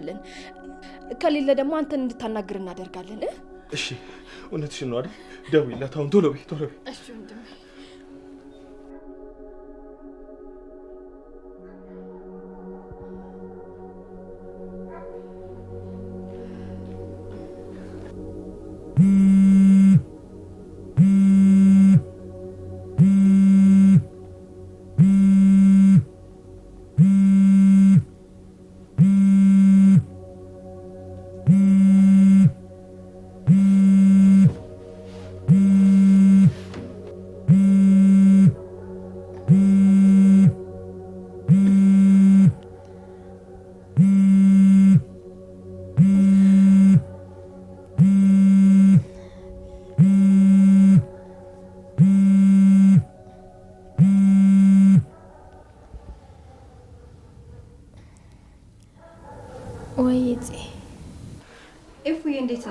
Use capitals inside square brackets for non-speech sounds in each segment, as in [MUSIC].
እንልክልሻለን። ከሌለ ደግሞ አንተን እንድታናግር እናደርጋለን። እሺ፣ እውነትሽን ነው አይደል? ደውይላት አሁን፣ ቶሎ በይ፣ ቶሎ በይ። እሺ ወንድሜ Mm.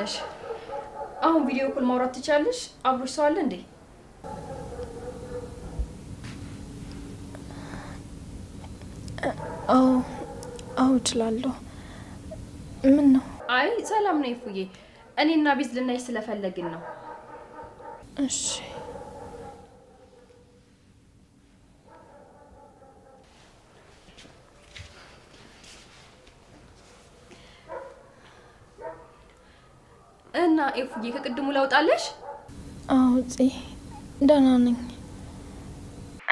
ነሽ? አሁን ቪዲዮ ኮል ማውራት ትቻለሽ? አብሮሽ ሰው አለ እንዴ? አዎ አዎ፣ እችላለሁ። ምን ነው? አይ ሰላም ነው። ይፉዬ፣ እኔና ቤዝ ልናይሽ ስለፈለግን ነው። እሺ እና ኤፉዬ ከቅድሙ ለውጣለሽ? አዎ ፅ ደህና ነኝ።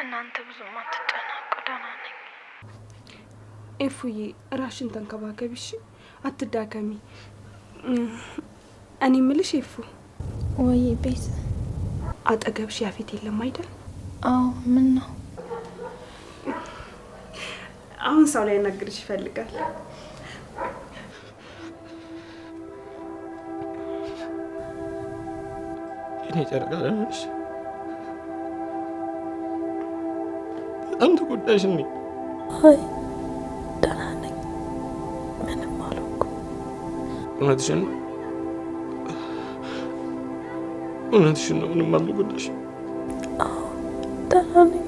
እናንተ ብዙም አትጨናቁ፣ ደህና ነኝ። ኤፉዬ ራሽን ተንከባከቢሽ፣ አትዳከሚ። እኔ ምልሽ ኤፉ፣ ወይ ቤት አጠገብሽ ያፌት የለም አይደል? አዎ። ምን ነው አሁን ሰው ላይ ያናግርሽ ይፈልጋል እኔ ጨረቃ ለምሽ በጣም ተጎዳሽ። እኔ አይ ደህና ነኝ፣ ምንም አልሆንኩም። እውነትሽን ነው፣ እውነትሽን ነው። ምንም አልጎዳሽ። አዎ ደህና ነኝ።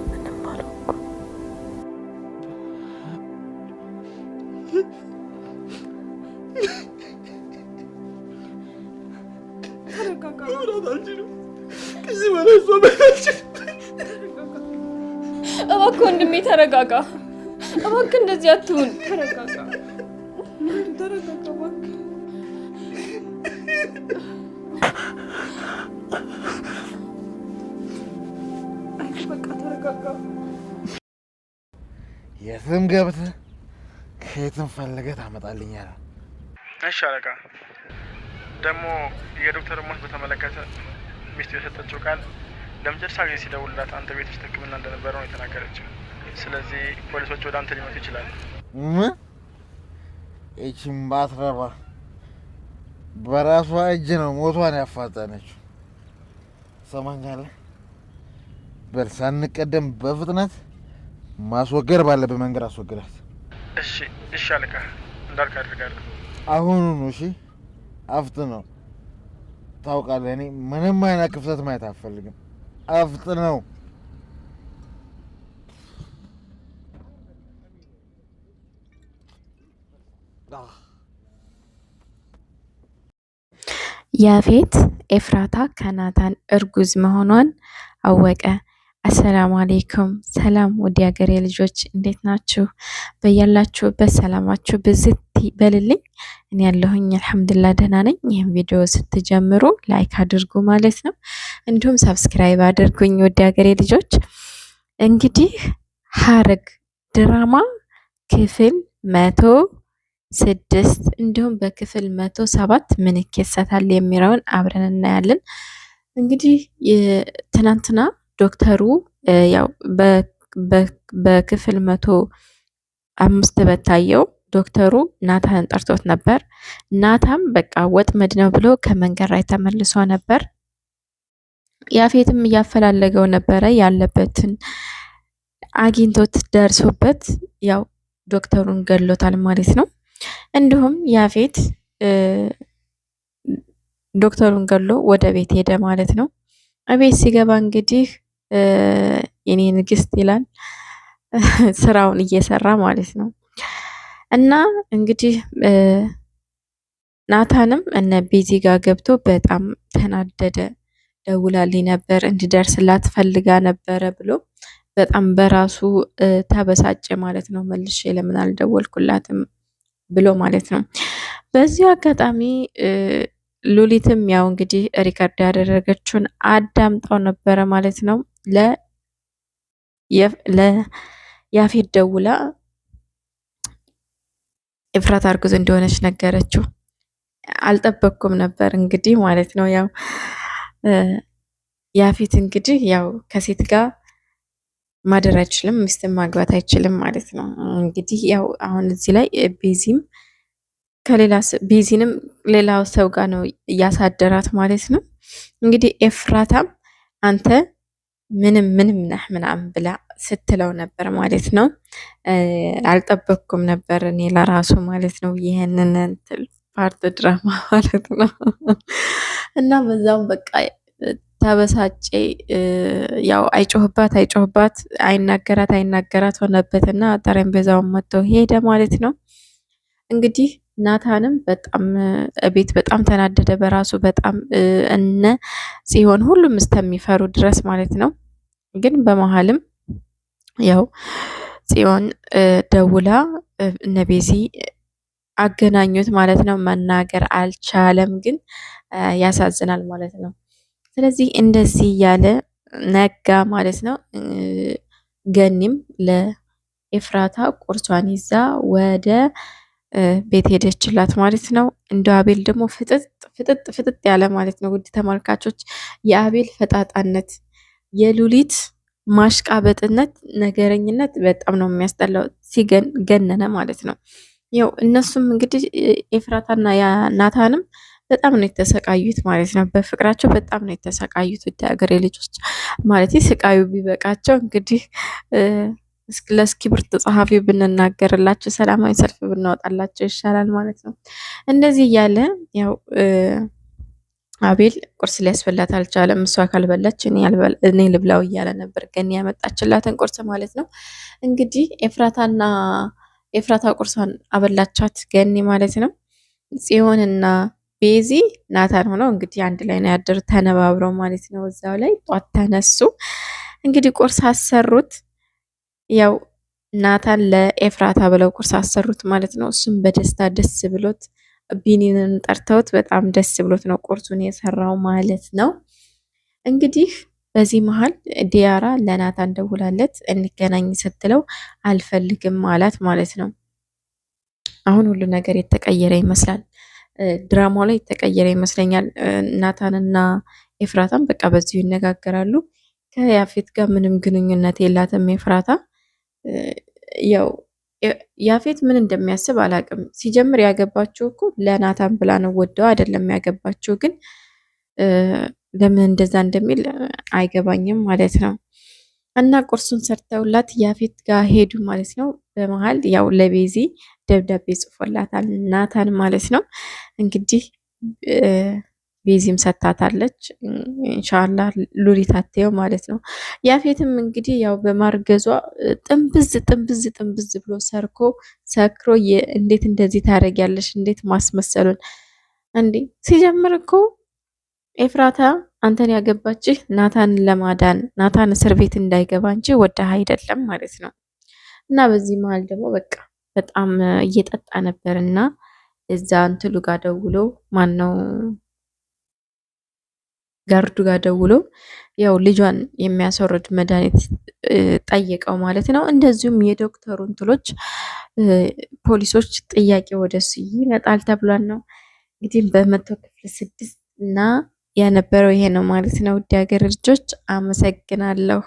እባክህ ወንድሜ ተረጋጋ። እባክህ እንደዚህ አትሁን። ተረጋጋ፣ ተረጋጋ የትም ገብተህ ከየትም ፈለገህ ታመጣልኛለህ። እሺ አለቃ። ደግሞ የዶክተር ሞት በተመለከተ ሚስቱ የሰጠችው ቃል ለመጨረሻ ጊዜ ሲደውልላት አንተ ቤት ውስጥ ሕክምና እንደነበረ ነው የተናገረችው። ስለዚህ ፖሊሶች ወደ አንተ ሊመጡ ይችላሉ። ምን ባትረባ በራሷ እጅ ነው ሞቷን ያፋጠነችው። ሰማኛለ በል ሳንቀደም በፍጥነት ማስወገድ ባለብህ መንገድ አስወግዳት። እሺ፣ እሺ አልካ እንዳልክ አድርጋለሁ። አሁኑኑ። እሺ፣ አፍጥ ነው ታውቃለህ። እኔ ምንም አይነት ክፍተት ማየት አልፈልግም። አፍጥነው ያፌት ኤፍራታ ከናታን እርጉዝ መሆኗን አወቀ። አሰላሙ አሌይኩም ሰላም ውድ ሀገሬ ልጆች እንዴት ናችሁ? በያላችሁበት ሰላማችሁ ብዝት በልልኝ። እኔ ያለሁኝ አልሐምዱላ ደህና ነኝ። ይህም ቪዲዮ ስትጀምሩ ላይክ አድርጉ ማለት ነው፣ እንዲሁም ሰብስክራይብ አድርጉኝ። ውድ ሀገሬ ልጆች እንግዲህ ሀረግ ድራማ ክፍል መቶ ስድስት እንዲሁም በክፍል መቶ ሰባት ምን ይከሰታል የሚለውን አብረን እናያለን። እንግዲህ ትናንትና ዶክተሩ ያው በክፍል መቶ አምስት በታየው ዶክተሩ ናታን ጠርቶት ነበር። ናታም በቃ ወጥመድ ነው ብሎ ከመንገድ ላይ ተመልሶ ነበር። ያፌትም እያፈላለገው ነበረ ያለበትን አግኝቶት ደርሶበት ያው ዶክተሩን ገሎታል ማለት ነው። እንዲሁም ያፌት ዶክተሩን ገሎ ወደ ቤት ሄደ ማለት ነው። እቤት ሲገባ እንግዲህ የኔ ንግስት ይላል [LAUGHS] ስራውን እየሰራ ማለት ነው። እና እንግዲህ ናታንም እነ ቤዚ ጋር ገብቶ በጣም ተናደደ። ደውላልኝ ነበር እንዲደርስላት ፈልጋ ነበረ ብሎ በጣም በራሱ ተበሳጨ ማለት ነው። መልሼ ለምን አልደወልኩላትም ብሎ ማለት ነው። በዚህ አጋጣሚ ሉሊትም ያው እንግዲህ ሪከርድ ያደረገችውን አዳምጣው ነበረ ማለት ነው። ለያፌት ደውላ ኤፍራት አርግዞ እንደሆነች ነገረችው። አልጠበቅኩም ነበር እንግዲህ ማለት ነው። ያው ያፌት እንግዲህ ያው ከሴት ጋር ማደር አይችልም፣ ሚስትን ማግባት አይችልም ማለት ነው። እንግዲህ ያው አሁን እዚህ ላይ ቤዚም ከሌላ ቤዚንም ሌላ ሰው ጋር ነው እያሳደራት ማለት ነው። እንግዲህ ኤፍራታም አንተ ምንም ምንም ነህ ምናምን ብላ ስትለው ነበር ማለት ነው። አልጠበቅኩም ነበር እኔ ለራሱ ማለት ነው ይህንን ፓርት ድራማ ማለት ነው። እና በዛውም በቃ ተበሳጬ ያው አይጮህባት አይጮህባት አይናገራት አይናገራት ሆነበት እና ጠረጴዛውን መጥቶ ሄደ ማለት ነው እንግዲህ ናታንም በጣም ቤት በጣም ተናደደ በራሱ በጣም እነ ሲሆን ሁሉም እስከሚፈሩ ድረስ ማለት ነው። ግን በመሀልም ያው ጽዮን ደውላ እነ ቤዚ አገናኙት ማለት ነው። መናገር አልቻለም፣ ግን ያሳዝናል ማለት ነው። ስለዚህ እንደዚህ እያለ ነጋ ማለት ነው። ገኒም ለኤፍራታ ቁርሷን ይዛ ወደ ቤት ሄደችላት ማለት ነው። እንደ አቤል ደግሞ ፍጥጥ ፍጥጥ ፍጥጥ ያለ ማለት ነው። ውድ ተመልካቾች የአቤል ፈጣጣነት የሉሊት ማሽቃበጥነት፣ ነገረኝነት በጣም ነው የሚያስጠላው። ገነነ ማለት ነው። ያው እነሱም እንግዲህ ኤፍራታና ናታንም በጣም ነው የተሰቃዩት ማለት ነው። በፍቅራቸው በጣም ነው የተሰቃዩት። ውድ ሀገር ልጆች ማለት ስቃዩ ቢበቃቸው እንግዲህ ለእስክሪብቶ ጸሐፊ ብንናገርላቸው ሰላማዊ ሰልፍ ብናወጣላቸው ይሻላል ማለት ነው። እንደዚህ እያለ ያው አቤል ቁርስ ሊያስበላት አልቻለም። እሷ ካልበላች እኔ ልብላው እያለ ነበር፣ ግን ያመጣችላትን ቁርስ ማለት ነው። እንግዲህ ኤፍራታና ኤፍራታ ቁርሷን አበላቻት ገኒ ማለት ነው። ጽዮንና ቤዚ ናታን ሆነው እንግዲህ አንድ ላይ ነው ያደሩ ተነባብረው ማለት ነው። እዛው ላይ ጧት ተነሱ እንግዲህ ቁርስ አሰሩት። ያው ናታን ለኤፍራታ ብለው ቁርስ አሰሩት ማለት ነው። እሱም በደስታ ደስ ብሎት ቢኒንን ጠርተውት በጣም ደስ ብሎት ነው ቁርሱን የሰራው ማለት ነው። እንግዲህ በዚህ መሀል ዲያራ ለናታን ደውላለት እንገናኝ ስትለው አልፈልግም አላት ማለት ነው። አሁን ሁሉ ነገር የተቀየረ ይመስላል። ድራማ ላይ የተቀየረ ይመስለኛል። ናታንና ኤፍራታን በቃ በዚሁ ይነጋገራሉ። ከያፌት ጋር ምንም ግንኙነት የላትም ኤፍራታ ያው ያፌት ምን እንደሚያስብ አላቅም። ሲጀምር ያገባችው እኮ ለናታን ብላ ነው፣ ወደው አይደለም ያገባችው። ግን ለምን እንደዛ እንደሚል አይገባኝም ማለት ነው። እና ቁርሱን ሰርተውላት ያፌት ጋር ሄዱ ማለት ነው። በመሀል ያው ለቤዚ ደብዳቤ ጽፎላታል ናታን ማለት ነው እንግዲህ ቤዚም ሰታታለች። ኢንሻላ ሉሊታቴው ማለት ነው። ያፌትም እንግዲህ ያው በማርገዟ ጥንብዝ ጥንብዝ ጥንብዝ ብሎ ሰርኮ ሰክሮ እንዴት እንደዚህ ታደርጊያለሽ? እንዴት ማስመሰሉን እንዴ! ሲጀምር እኮ ኤፍራታ አንተን ያገባችህ ናታን ለማዳን ናታን እስር ቤት እንዳይገባ እንጂ ወዳህ አይደለም ማለት ነው። እና በዚህ መሀል ደግሞ በቃ በጣም እየጠጣ ነበር እና እዛ እንትሉ ጋር ደውሎ ማን ነው ጋርዱ ጋር ደውሎ ያው ልጇን የሚያስወርድ መድኃኒት ጠየቀው ማለት ነው። እንደዚሁም የዶክተሩ እንትሎች ፖሊሶች ጥያቄ ወደ ወደሱ ይመጣል ተብሏል ነው እንግዲህ በመቶ ክፍል ስድስት እና ያነበረው ይሄ ነው ማለት ነው። ውድ ሀገር ልጆች አመሰግናለሁ።